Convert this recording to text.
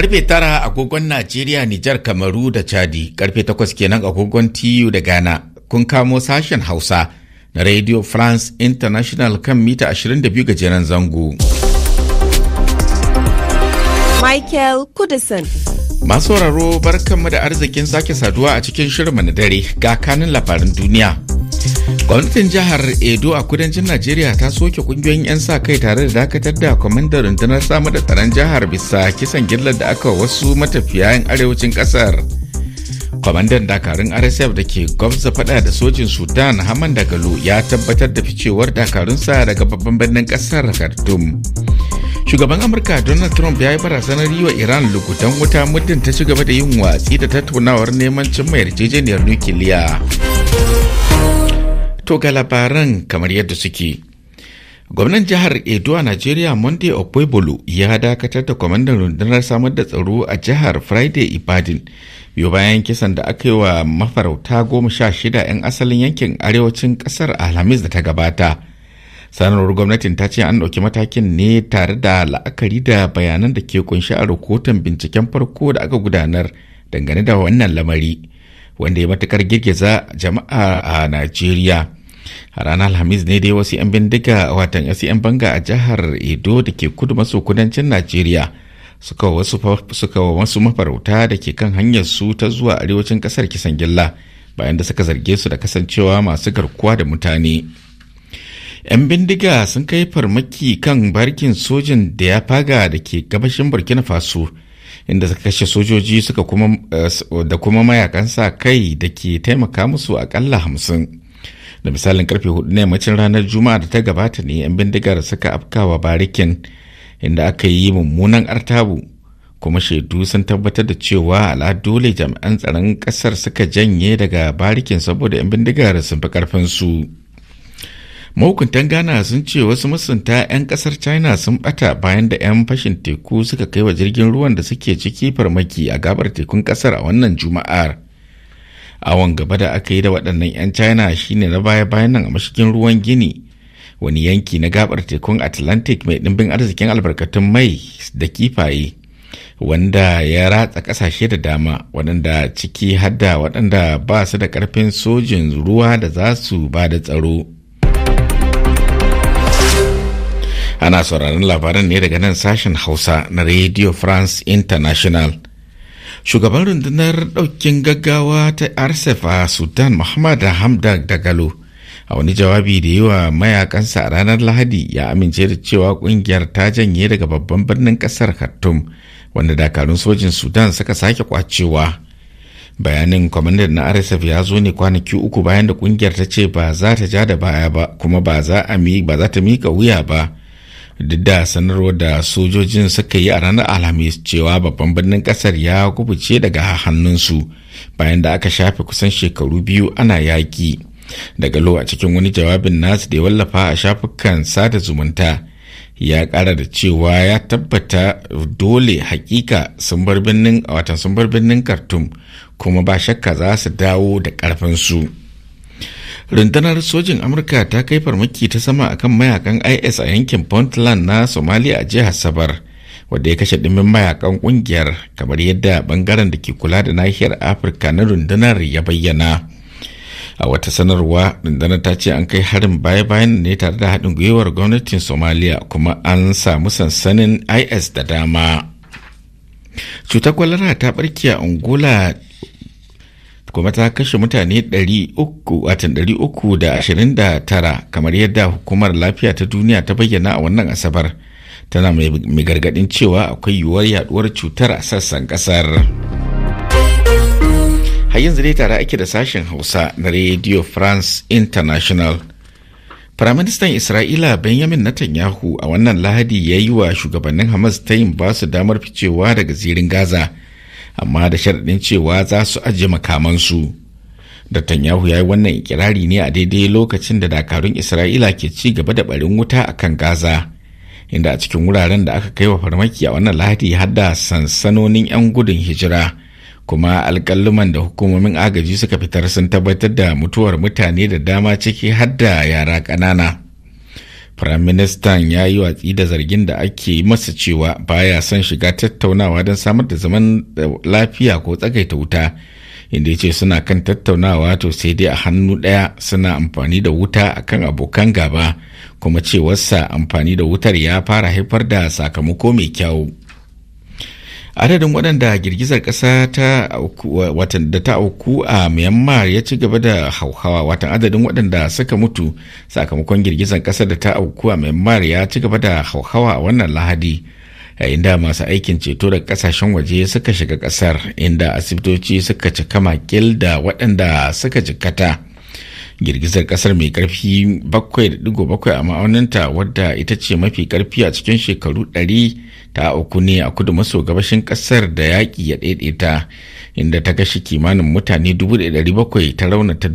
Karfe tara agogon Najeriya, Nijar, Kamaru da Chadi, karfe takwas kenan agogon TU da Ghana. Kun kamo sashen Hausa na Radio France International kan mita 22 gajeren zango. Michael Kudison. Masu sauraro barkanmu da arzikin sake saduwa a cikin shirma na dare ga kanin labarin duniya. gwamnatin jihar edo a kudancin najeriya ta soke kungiyoyin 'yan sa kai tare da dakatar da kwamandar rundunar samar da tsaron jihar bisa kisan gillar da aka wasu matafiya yan arewacin kasar kwamandan dakarun rsf da ke gwamza fada da sojin sudan haman dagalo ya tabbatar da ficewar dakarunsa daga babban birnin kasar khartoum shugaban amurka donald trump ya yi barazanar yi wa iran lugudan wuta muddin ta ci gaba da yin watsi da tattaunawar neman cimma yarjejeniyar nukiliya To ga labaran kamar yadda suke. Gwamnan jihar Edo a Najeriya Monday Okpebolo ya dakatar da kwamandan rundunar samar da tsaro a jihar Friday Ibadan biyu bayan kisan da aka yi wa mafarauta goma sha shida 'yan asalin yankin arewacin kasar Alhamis da ta gabata. sanarwar gwamnatin ta ce an ɗauki matakin ne tare da la'akari da bayanan da ke kunshi a rahoton binciken farko da aka gudanar dangane da wannan lamari wanda ya matukar girgiza jama'a a najeriya a ranar alhamis ne dai wasu 'yan bindiga watan yasu 'yan e banga a jihar edo da ke kudu maso kudancin najeriya suka wa wasu mafarauta da ke kan hanyar su ta zuwa arewacin kasar kisan gilla bayan da suka zarge su da kasancewa masu garkuwa da mutane 'yan bindiga sun kai farmaki kan barkin sojin da ya faga da ke gabashin burkina faso inda suka kashe sojoji suka eh, da kuma mayakansa kai da ke taimaka musu akalla hamsin da misalin karfe hudu na yammacin ranar juma'a da ta gabata ne 'yan bindigar suka afkawa barikin inda aka yi mummunan artabu kuma shaidu sun tabbatar da cewa ala dole jami'an tsaron kasar suka janye daga barikin saboda 'yan bindigar sun fi karfin su mahukuntan ghana sun ce wasu masunta 'yan kasar china sun bata bayan da 'yan fashin teku suka kai wa jirgin ruwan da suke ciki farmaki a gabar tekun kasar a wannan juma'ar awon gaba da aka yi da waɗannan 'yan china shine na baya-bayan nan a mashigin ruwan gini wani yanki na gabar tekun atlantic mai ɗimbin arzikin albarkatun mai da kifaye wanda ya ratsa ƙasashe da dama waɗanda ciki hadda waɗanda ba su da ƙarfin sojin ruwa da za su ba da tsaro ana sauraron labaran ne daga nan sashen hausa na radio france international shugaban rundunar ɗaukin gaggawa ta rsf a sudan muhammad hamdan dagalo a wani jawabi da yi wa mayakansa a ranar lahadi ya amince da cewa kungiyar ta janye daga babban birnin kasar khartoum wanda dakarun sojin sudan suka sake kwacewa bayanin kwamandan na rsf ya zo ne kwanaki uku bayan da kungiyar ta ce ba za ta ja da baya ba kuma ba za ta mika wuya ba duk sanarwar da sojojin suka yi a ranar alhamis cewa babban birnin kasar ya kubuce daga hannunsu bayan da aka shafe kusan shekaru biyu ana yaƙi daga lo a cikin wani jawabin nasu da ya wallafa a shafukan sada zumunta ya ƙara da cewa ya tabbata dole hakika sun bar birnin a watan sun bar birnin kuma ba shakka za su dawo da ƙarfinsu. su rundunar sojin amurka ta kai farmaki ta sama akan mayakan is a yankin puntland na somalia a jihar sabar wadda ya kashe dimbin mayakan kungiyar kamar yadda bangaren da ke kula da nahiyar afirka na rundunar ya bayyana a wata sanarwa rundunar ta ce an kai harin baya-bayan ne tare da haɗin gwiwar gwamnatin Somalia kuma an samu sansanin is da dama cutar kwalara ta barke a angola kuma ta kashe mutane 329 kamar yadda hukumar lafiya ta duniya ta bayyana a wannan asabar tana mai gargadin cewa akwai yiwuwar yaduwar cutar a sassan kasar har yanzu dai tare ake da sashen hausa na radio france international Firaministan Isra'ila Benjamin Netanyahu a wannan lahadi ya yi wa shugabannin Hamas ta yin basu damar ficewa daga zirin Gaza. amma da sharaɗin cewa za su ajiye makamansu Netanyahu ya yi wannan ikirari ne a daidai lokacin da dakarun Isra'ila ke ci gaba da barin wuta a kan Gaza, inda a cikin wuraren da aka kai wa farmaki a wannan lahadi da sansanonin 'yan gudun hijira, kuma alƙalluman da hukumomin agaji suka fitar sun tabbatar da mutuwar mutane da dama ciki hadda yara ƙanana. Firaministan ya yi watsi da zargin da ake masa cewa baya son shiga tattaunawa don samar da zaman eh, lafiya ko tsagaita wuta, inda ya ce suna kan tattaunawa to sai dai a hannu ɗaya suna amfani da wuta a kan abokan gaba, kuma cewarsa amfani da wutar ya fara haifar da sakamako mai kyau. adadin waɗanda girgizar ƙasa da ta auku a myanmar ya ci gaba da hauhawa watan adadin waɗanda suka mutu sakamakon girgizar ƙasa da ta auku a myanmar ya ci gaba da hauhawa a wannan lahadi yayin da masu aikin ceto da ƙasashen waje suka shiga ƙasar inda asibitoci suka cika makil da waɗanda suka jikkata girgizar kasar mai karfi 7.7 a ma'auninta wadda ita ce mafi karfi a cikin shekaru 100 ta uku ne a kudu maso gabashin kasar da yaƙi ya ɗaiɗaita inda ta kashe kimanin mutane 700 ta raunata